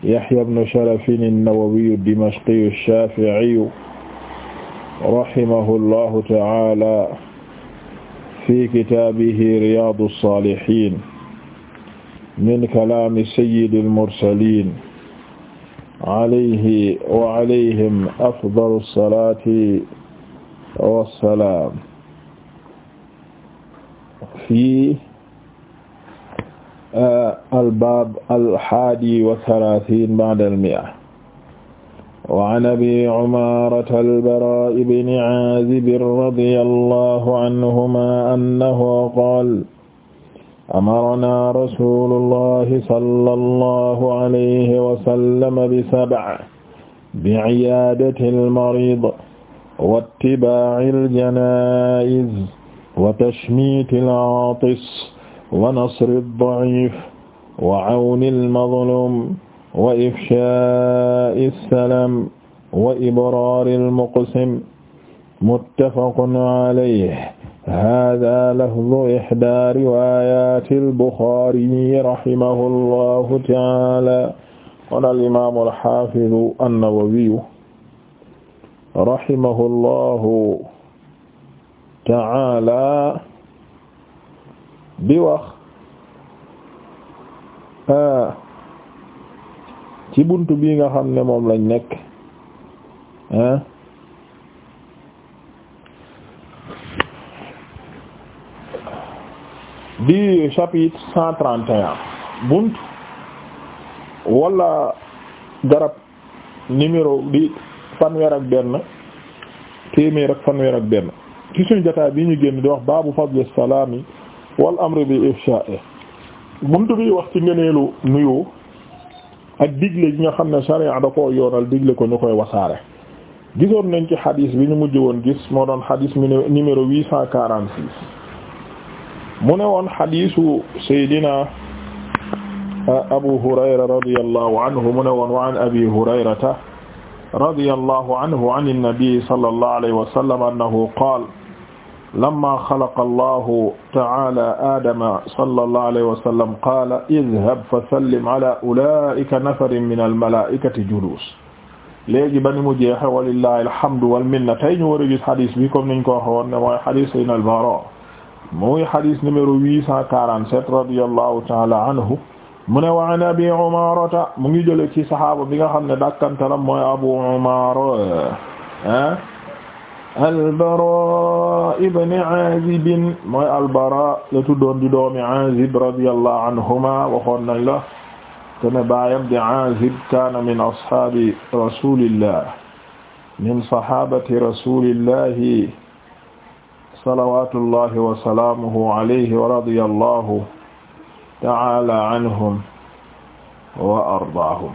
Yahya ibn Sharaf an-Nawawi ad-Dimashqi ash-Shafi'i rahimahullahu ta'ala fi kitaabihi Riyaadu as-Saalihiin min kalaami sayyidil mursaliin alayhi wa alayhim afdalu salaati wa salaam fi albaab alhaadi wa salaatiin ba'dal mi'a wa an abi umaarata al-baraa ibni aazib radiyallahu anhumaa annahu qaala amaranaa rasuulullahi sallallahu alayhi wa sallam bi sab'in bi'iyaadatil mariid wa ittibaa'il janaa'iz wa tashmiitil aatis wa nasri ad-da'if wa awni al-mazlum wa ifshaa'i as-salam wa ibraari al-muqsim muttafaqun alayhi hada lafdu ihdaa riwayati al-Buxaari rahimahullahu taala kon al-imaamu al-haafidu an-Nawawiyu rahimahullahu taala Euh, bi wax ci bunt bii nga xam ne moom lañ nekk ah di chapitre cent trente et bunt wala garab numéro di fanweer ak benn téeméer ak fanweer ak benn ci suñu jotaay bi ñu génn di wax baabu fadl salaami wal amri bi ifshaa'i buntu bi wax ci ngëneelu nuyu ak digle gi nga xam ne sharia da koo yoonal digle ko ñu wasaare gisoon nañ ci bi ñu mujj woon gis moo doon xadis numéro huit cent quarante mu ne won xadisu saydina abu hurayra radiyallahu anhu mu ne woon wa an abi hurayrata radiyallahu anhu an an nabi sallallahu alayhi wa sallam annahu qaala lamma xalaqa allahu taala adama sallallahu alayhi wa sallam qaala idhab fa sallim ala ulaa'ika nafarin min almalaa'ikati juluus léegi ba ni mu jeexe walillahi alhamdu walminna tey ñu war a gis xadis bi comme niñ ko waxee woon ne mooy xadis sayyidina al-Baraa muy xadis numéro 847 radiyallahu taala anhu mu ne wa an abi umarata mu ngi jële ci sahaaba bi nga xam ne dàkkantalam mooy abu umara ah. albara ibn azib mooy albara la tuddoon di doomi azib radiyallahu anhuma waxoon nañ la tene baayam di azib kaana min ashaabi rasulillah min sahabati rasulillahi salawatullahi wa salaamuhu alayhi wa radiyallahu ta'ala anhum wa ardaahum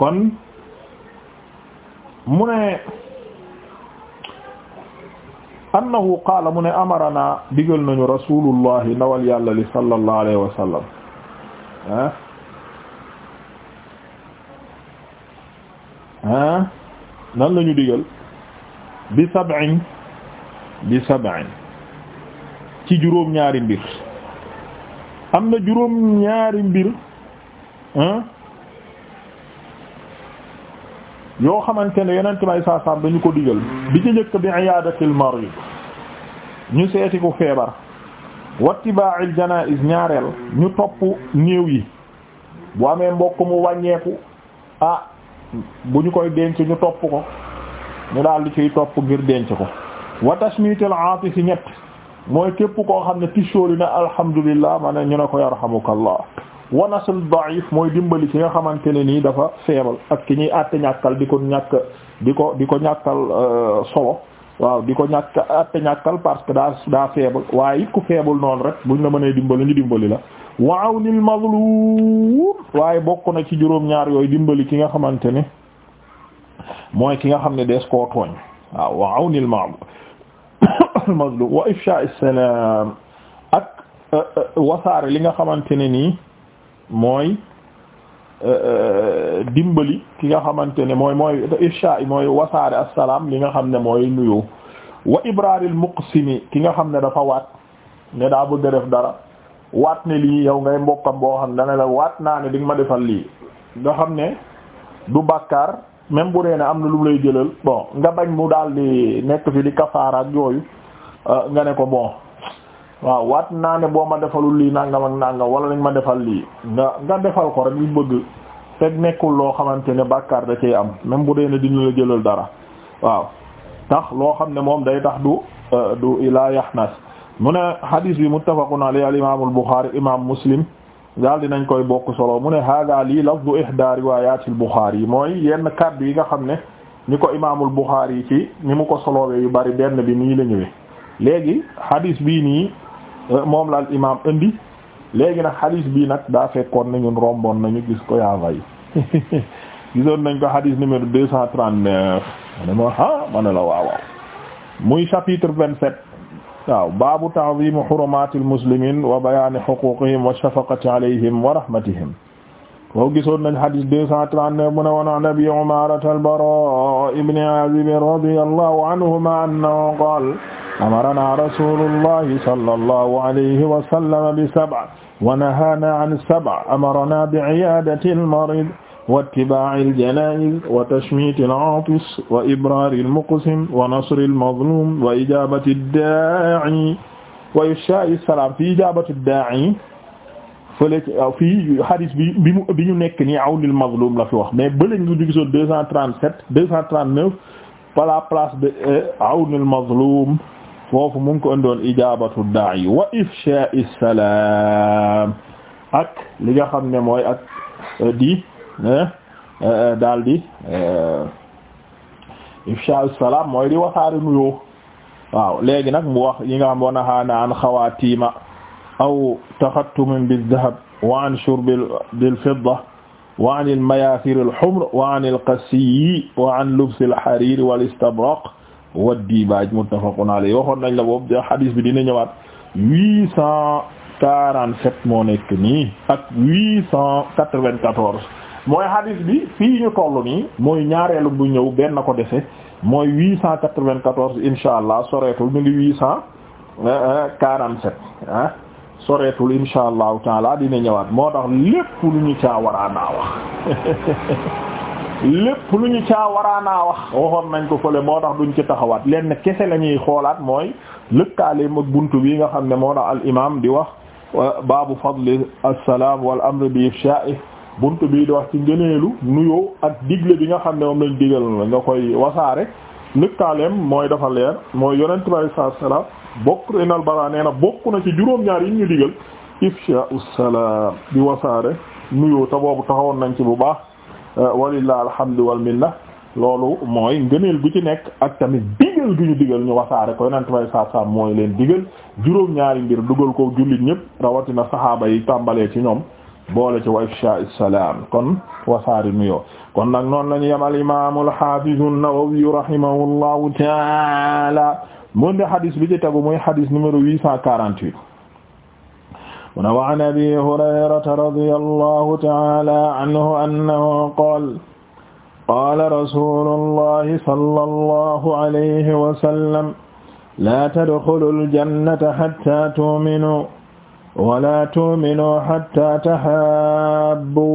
kon mu ne annahu qaala mu ne amarana digal nañu rasulullahi ndawal yàlla li sallallahu alayhi wa sallam ah ah nan lañu digal bi sab'in bi sab'in ci juróom ñaari mbir am na juróom ñaari mbir ah yoo xamante ne yeneen may saa saam dañu ko digal bi ci njëkk bi iyaadatil marid ñu seeti ku feebar wattibaa'il janaa'iz ñaareel ñu topp néew yi bu amee mbokk mu wàññeeku ah bu ñu koy denc ñu topp ko ñu daal di ciy topp ngir denc ko wa tashmiitil aatis ñett mooy képp koo xam ne tisóoli na alhamdulillah ma ne ñu ne ko yarhamukallah wa nasl mooy dimbali ki nga xamante ne nii dafa feebal ak ki ñuy àtte ñàkkal di ko ñàkk di ko di ko ñàkkal euh, solo waaw di ko ñàkk àtte ñàkkal parce que daa feebal waaye it ku feebal noonu rek buñ la mënee dimbali ñu dimbali la wa awnil mazlum waaye bokk na ci juróom-ñaar yooyu dimbali ki nga xamante ne mooy ki nga xam ne des koo tooñ waaw wa awnil mazlum wa ifsha as-salam ak euh, euh, wasaare li nga xamante ne nii mooy euh, euh, dimbali ki nga xamante ne mooy mooy ifsha mooy wasaare assalaam li nga xam ne mooy nuyu wa ibraaril ni ki nga xam ne dafa waat ne daa bëgg a def dara waat ne lii yow ngay mbokkam boo xam ne dana la waat naa ne di nga ma defal lii nga xam ne du bàkkaar même bu dee ne am na lu lay jëlal bon nga bañ mu daal di nekk fi di kafaara ak yooyu euh, nga ne ko bon waaw waat naa ne boo ma defalul lii nangam ak nangam wala nañ ma defal lii nga nga defal ko rek li bëgg teg nekkul loo xamante ne bàkkaar da cee am même bu dee ne dina la jëlal dara waaw tax loo xam ne moom day tax du euh, du ilaa yahnas mu ne hadis bi muttafaqun alayhi al imam al bukhari imam muslim daal dinañ koy bokk solo mu ne hada lii lafdu ihda riwayat al yi mooy yenn kaddu yi nga xam ne ñu ko imaamul bukhari ci ni mu ko solowee yu bari benn bi nii la ñëwee léegi moom la al imaam indi léegi bii nag daa fekkoon ne nañu gis ko yaa vay nañ ko xadis numéro deux cent trente-neuf ma ne ma la waaw waaw muy chapitre vingt-sept waaw baabu ta'zimu hurumatil muslimin wa bayaani huquqihim wa shafaqati alayhim wa rahmatihim boo gisoon nañ hadis deux cent trente-neuf mu ne ibn Aazib radiyallahu anhumaa annahu qaala amarana rasulullahi sallallahu alayhi wa sallam bi sab'a wa nahana an sab'a amarana bi iyadati al-marid wa ittibaa'i al-janaa'iz wa tashmiiti al-'aatis wa ibraari al-muqsim wa nasri al-mazluum wa ijaabati ad-daa'i wa ifshaa'i as-salaam fi ijaabati ad-daa'i fële fii hadis bi bi mu bi ñu nekk nii awlil mazlum la fi wax mais bële ñu ngi gisoon deux cent trente sept deux cent trente neuf par la place de euh, awlil mazlum foofu mu ngi ko andoon ijabatu da'i wa ifsha'i salam ak li nga xam ne mooy ak euh, di eh, euh, daal di euh, ifsha'i salam mooy di waxaari nuyoo waaw léegi nag mu wax yi nga xam wana hana an xawatima aw taxattumin bildahab wa an shurbi bilfidda wa an almayathir alhumr wa an alqasiyi wa an lubsi alharir walistabraq wa dibaaj muttafaqun alayhi waxoon nañ la boobu hadis bi dina ñëwaat huit cent quarante-sept moo nekk nii ak huit cent quatre-vingt-quatorze mooy hadis bi fii ñu toll nii mooy ñaareelu bu ñëw benn ko dese mooy huit cent quatre-vingt-quatorze insha allah soreetul mu ngi huit cent quarante-sept ah soreetul insha allahu taala dina ñëwaat moo tax lépp lu ñu caa war wax lépp lu ñu caa waraanaa wax waxoon nañ ko fële moo tax duñ ci taxawaat lenn kese la ñuy xoolaat mooy lëkkaaleem ak bunt bi nga xam ne moo tax al imaam di wax baabu fadli assalaam wal amri bi ifshaa'i bunt bi di wax ci ngëneelu nuyoo ak digle bi nga xam ne moom lañ digal la nga koy wasaare lëkkaaleem mooy dafa leer mooy yonent bi alayhi salaatu wa salaam bokk inal bara nee na bokk na ci juróom-ñaar yi ñu digal ifshaa'u salaam di wasaare nuyoo te boobu taxawoon nañ ci bu baax Euh, walilah alhamdu wal minna loolu mooy ngëneel gu ci nekk ak tamit digal gu ñu digal ñu wasaare ko yonent may saasam mooy leen digal juróom-ñaari ngir dugal ko jullit ñëpp rawatina saxaaba yi tàmbalee ci ñoom boole ci wa ifsha salaam kon wasaari nuyoo kon nag noon la ñu yem al imam al hafiz nawawi rahimahullahu taala mu nde hadis bi ci tegu muy hadis numéro huit cent quarante-huit mu ne wa an abi hurayrata radiyallahu ta'ala anhu annahu qaala qaala rasuulullahi sallallahu alayhi wa sallam laa tadxulul jannata hattaa tu'minuu wa laa tu'minuu hattaa tahaabbu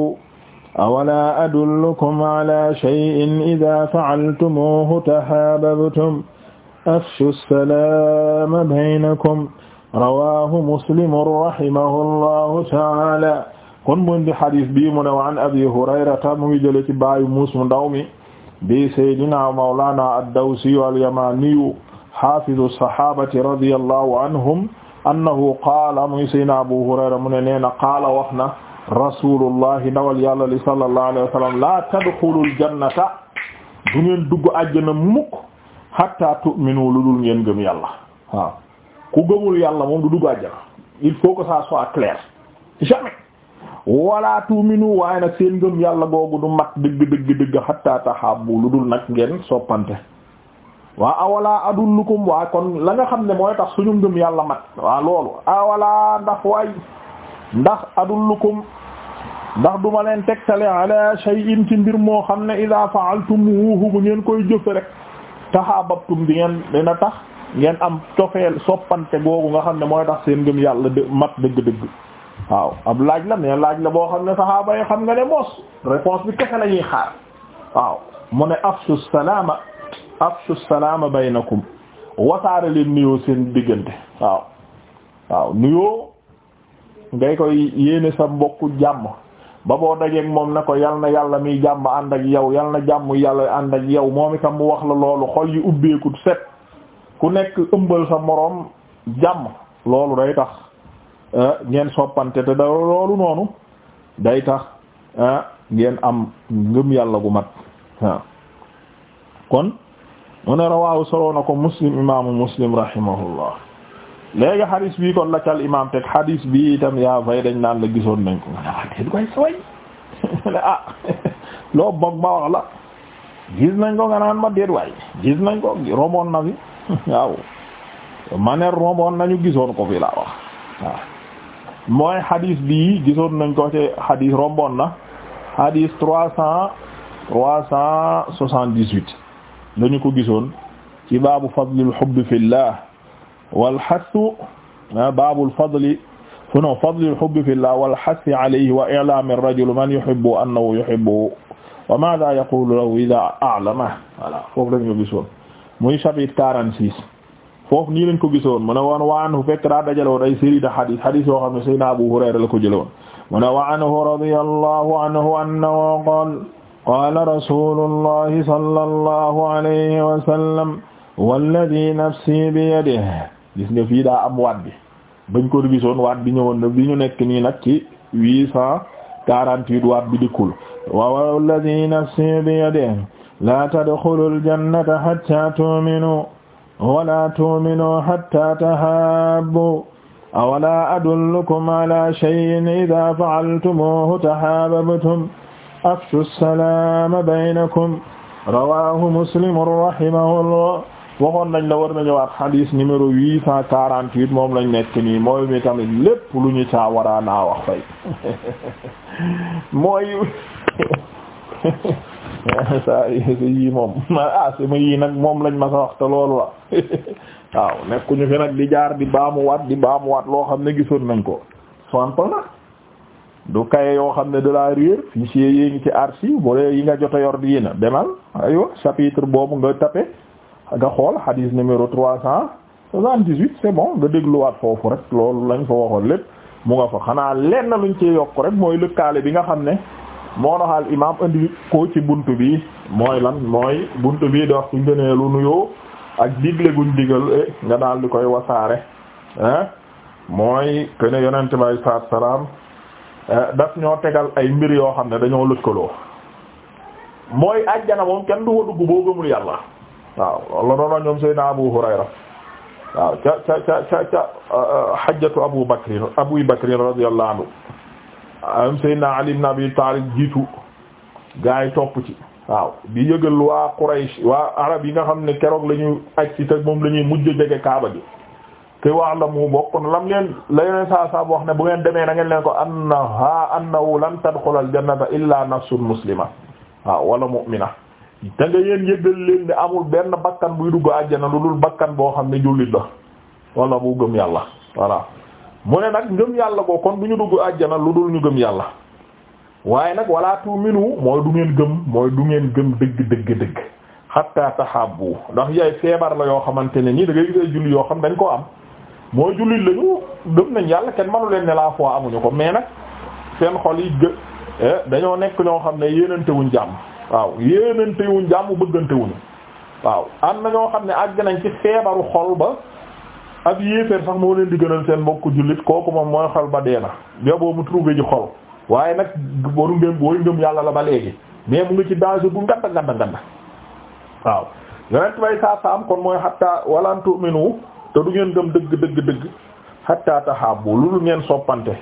awalaa adullukum alaa shay'in idaa fa'altumuuhu tahaababtum afshuu salaama baynakum rawahu muslimun rahimahullahu taala kon mu indi hadis bii mu ne wa an abi hurayrata mu ngi jële ci baayu muus mu ndaw mi bi saydina mawlana addawsiyu alyamaniyu hafidu sahabati radiyallahu anhum annahu qaala mu ngi saydina abu hurayra mu ne nee na qaala wax na rasulullahi ndawal yàlla li sallallahu alayhi wa sallam la tadxulul jannata du ngeen dugg àjjana mukk hatta tu'minu lu dul ngeen gëm yàlla waaw ku gëmul yàlla moom du dugg àjjana il faut que ça soit clair jamais wala tuuminu waaye nag seen ngëm yàlla googu du mat dëgg dëgg dëgg hatta tahabbu lu dul nag ngeen soppante waa awalaa adullukum waa kon la nga xam ne mooy tax suñu ngëm yàlla mat waa loolu awalaa ndax waay ndax adullukum ndax duma leen tegtale ala shay'in ci mbir moo xam ne idha fa'altumuhu bu ngeen koy jëfe rek tahaabtum di ngeen dina tax ngeen am cofeel soppante googu nga xam ne mooy tax seen ngëm yàlla dë mat dëgg-dëgg waaw ab laaj la mais laaj la boo xam ne saxaaba yi xam nga ne moos réponse bi kese la ñuy xaar waaw mu ne afshu salaama afshu salaama baynakum wasaare leen nuyoo seen diggante waaw waaw nuyoo ngay koy yéene sa mbokku jàmm ba boo dajeeg moom ne ko yal na yàlla muy jàmm ànd ak yow yal na jàmm yàlla ànd ak yow moom itam mu wax la loolu xol yi ubbeeku set ku nekk ëmbal sa moroom jàmm loolu day tax eh, ngeen soppante te da loolu noonu day tax eh, ngeen am ngëm yàlla gu mat waaw kon mu ne rawaahu soloo na ko muslim imaamu muslim rahimahullah léegi xadis bii kon la cal imaam teg xadis bi itam yaa fay dañ naan la gisoon nañ ko nga wax dëgg koy sooy ne ah loo bokk ba wax la gis nañ ko nga naan waay gis nañ ko romoon na fi waaw maner romboon nañu gisoon ko fi laa wax waaw mooy hadis bii gisoon nañ ko ci hadis romboon na hadis trois cent trois cent soixante-dix-huit dañu ko gisoon ci baabu fadlil hubbi fillah wal hassu ah, baabul fadli funo fadlil hubbi fillah wal hassi alayhi wa i'laami rajuli man yuhibbu annahu yuhibbu wa maadha yaqulu lahu idha a'lama voilà foofu lañu ko gisoon muy chapitre quarante-six foofu nii lañ ko gisoon mu ne woon wa anhu fekk daa dajale woon ay série de hadith hadith yoo xam ne Seydina Abu Hurayra la ko jële woon mu ne wa anhu radiyallahu anhu annahu qaala qaala rasulullahi sallallahu alayhi wa sallam walladhi nafsi bi yadihi gis nga fii daa am waat bi bañ ko gisoon waat bi ñëwoon na bi ñu nekk nii nag ci huit cent quarante-huit waat bi dikkul wa walladhi nafsi bi yadihi laa tadxulul jannata xatta tu'minu wala tu'minu xatta tahaabbu awalaa adullukum alaa shay'in idaa fa'altumuuhu tahaababtum afshu salaama baynakum rawaahu muslim rahimahullah waxoon nañ la war na ñëwaat xadiis numéro huit cent quarante-huit moom lañ nekk nii mooy mi tamit lépp lu ñu caa waraa naa wax fay mooy saa yi moom ah sama yii nag moom lañ ma sa wax te loolu la waaw nekkuñu fi nag di jaar di baamuwaat di baamuwaat loo xam ne gisoon nañ ko soixante du kaye yoo xam ne de la réer fichier yi ci archive yi nga jot a yor di na demal aywa chapitre boobu nga tape nga xool hadith numéro trois cent soixante-dix-huit c'est bon nga dégluwaat foofu rek loolu lañ fa waxoon lépp mu nga fa xanaa lenn luñ ci yokk rek mooy lëkkaale bi nga xam ne. moo tax al imaam indi ko ci bunt bi mooy lan mooy buntu bi dox ci ngëneelu nuyoo ak digle guñ digal eh, nga daal di koy wasaare ah mooy que yonent bi saa salaam eh, ñoo tegal ay mbir yoo xam ne dañoo lëkkaloo mooy àjjana moom kenn du ko dugg boo yàlla waaw loolu ñoom Seydina Abu Hurayra waaw ca ca ca ca ca hajjatu Abu Bakr Abu Bakr radiyallahu anhu am Seydina Ali ibn Abi Talib jiitu gaa yi topp ci waaw di yëgal waa Quraysh waa arab yi nga xam ne keroog la ñuy aj ci te moom la ñuy mujj jege Kaaba ji te wax la mu bokk na lam leen la yeneen saa saa wax ne bu ngeen demee na ngeen leen ko annaha annahu lan tadxula al jannata illa nafsun muslima waaw wala mu'mina da nga yéen yëgal leen amul benn bakkan buy dugg àjjana lu dul bakkan boo xam ne jullit la wala bu gëm yàlla voilà mu ne nag ngëm yàlla goo kon du ñu dugg àjjana lu dul ñu gëm yàlla waaye nag wala tu'minu mooy du ngeen gëm mooy du ngeen gëm dëgg dëgg dëgg hatta tahabbu ndax yaay feebar la yoo xamante ne nii da ngay julli yoo xam dañ koo am mooy jullit lañu gëm nañ yàlla kenn manu leen ne la foi amuñu ko mais nag seen xol yi gë eh, dañoo nekk ñoo xam ne yéenantewuñ jàmm waaw yéenantewuñ jàmm bëggantewuñu waaw am na ñoo xam ne àgg nañ ci feebaru xol ba ab yéeféer sax moo leen di gënal seen mbokku jullit kooku moom mooy xol ba dee na yoboo mu trouvé ji xol waaye nag waru ngëm waru yàlla la ba léegi mais mu nga ci danger bu nganda nganda nganda waaw yonent bay saa saam kon mooy xatta walan tu'minu te du ngeen gëm dëgg dëgg dëgg xatta tahabbu lu ngeen soppante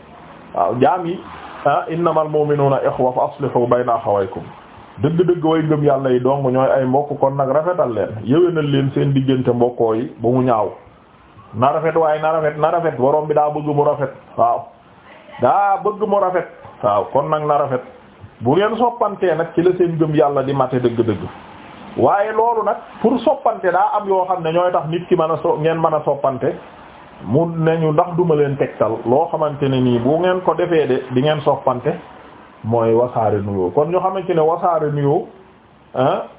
waaw jaam yi ah innamal mu'minuna ikhwa fa aslihu bayna akhawaykum dëgg-dëgg way ngëm yàlla yi dong ñooy ay mbokk kon nag rafetal leen yéwénal leen seen diggante mbokkoo yi ba ñaaw na rafet waaye na rafet na rafet borom bi daa bëgg mu rafet waaw daa bëgg mu rafet waaw kon nag na rafet bu ngeen soppantee nag ci la seen gëm yàlla di mate dëgg-dëgg waaye loolu nag pour soppante daa am yoo xam ne ñooy tax nit ki mën a so ngeen mën a soppante mu ne ñu ndax duma leen tegtal loo xamante ne nii bu ngeen ko defee de di ngeen soppante mooy wasaare nuyoo kon ñu xamante ne wasaare nuyoo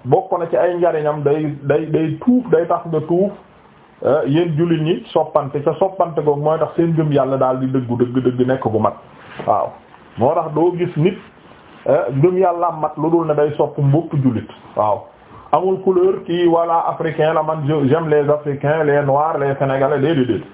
bokk na ci ay njariñam day day day day tax nga Euh, yéen jullit ñi soppante ca soppante googu mooy tax seen gëm yàlla daal di dëggu dëgg dëgg nekk bu mat waaw moo tax doo gis nit euh, gëm yàlla mat lu dul ne day sopp mbopp jullit waaw amul couleur kii walla africain la man j'aime les africains les noirs les sénégalais déedéet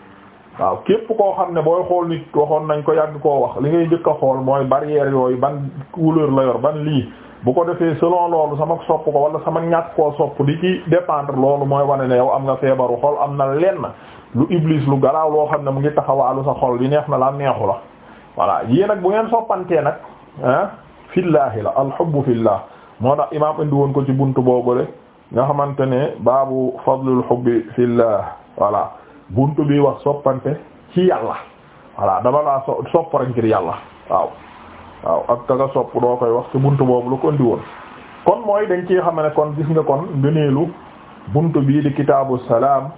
waaw képp koo xam ne booy xool nit waxoon nañ ko yàgg koo wax li ngay njëkk xool mooy barrière yooyu ban couleur la yor ban lii bu ko defee selon loolu sama sopp ko wala sama ñàkk koo sopp di ci dépendre loolu mooy wane ne yow am nga feebaru xool am na lenn lu iblis lu galaaw loo xam ne mu ngi taxawaalu sa xol di neex na la neexu la voilà yii nag bu ngeen soppantee nag ah fillaahi la alhubbu fillah moo tax imaam indi woon ko ci buntu boobule nga xamante ne baabu fadlul hubbi fillah voilà buntu bii wax soppante ci yàlla voilà dama laa so sopp rek ngir yàlla waaw waaw ak ka sopp doo koy wax ci bunt boobu la ko indi woon kon mooy dañ ci xam ne kon gis nga kon ngëneelu bunt bii di kitaabu salaam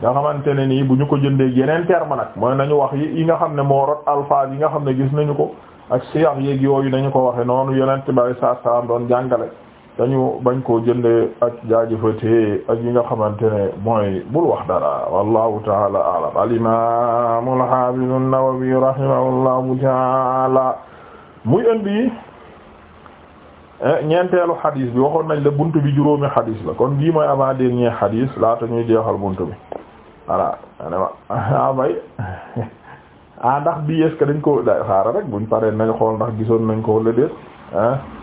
nga xamante ne nii bu ñu ko jëndee yeneen terme nag mooy nañu wax yi nga xam ne moo rot yi nga xam ne gis nañu ko ak siyax yeeg yooyu nañu ko waxe noonu yeneen tubaab yi saa saa doon jàngale. dañu bañ koo jëndee ak jaajëfatee ak yi nga xamante ne mooy bul wax dara wallahu taala alam al imam al hafiz an-Nawawi rahimahullahu taala muy eh, ñeenteelu xadis bi waxoon nañ la bunt bi juróomi xadis la kon bii mooy avant dernier xadis laata ñuy jeexal bunt bi voilà ah, ah ndax bii est-ce dañ ko xaaral rek buñ paree nañ xool ndax gisoon nañ ko wala déet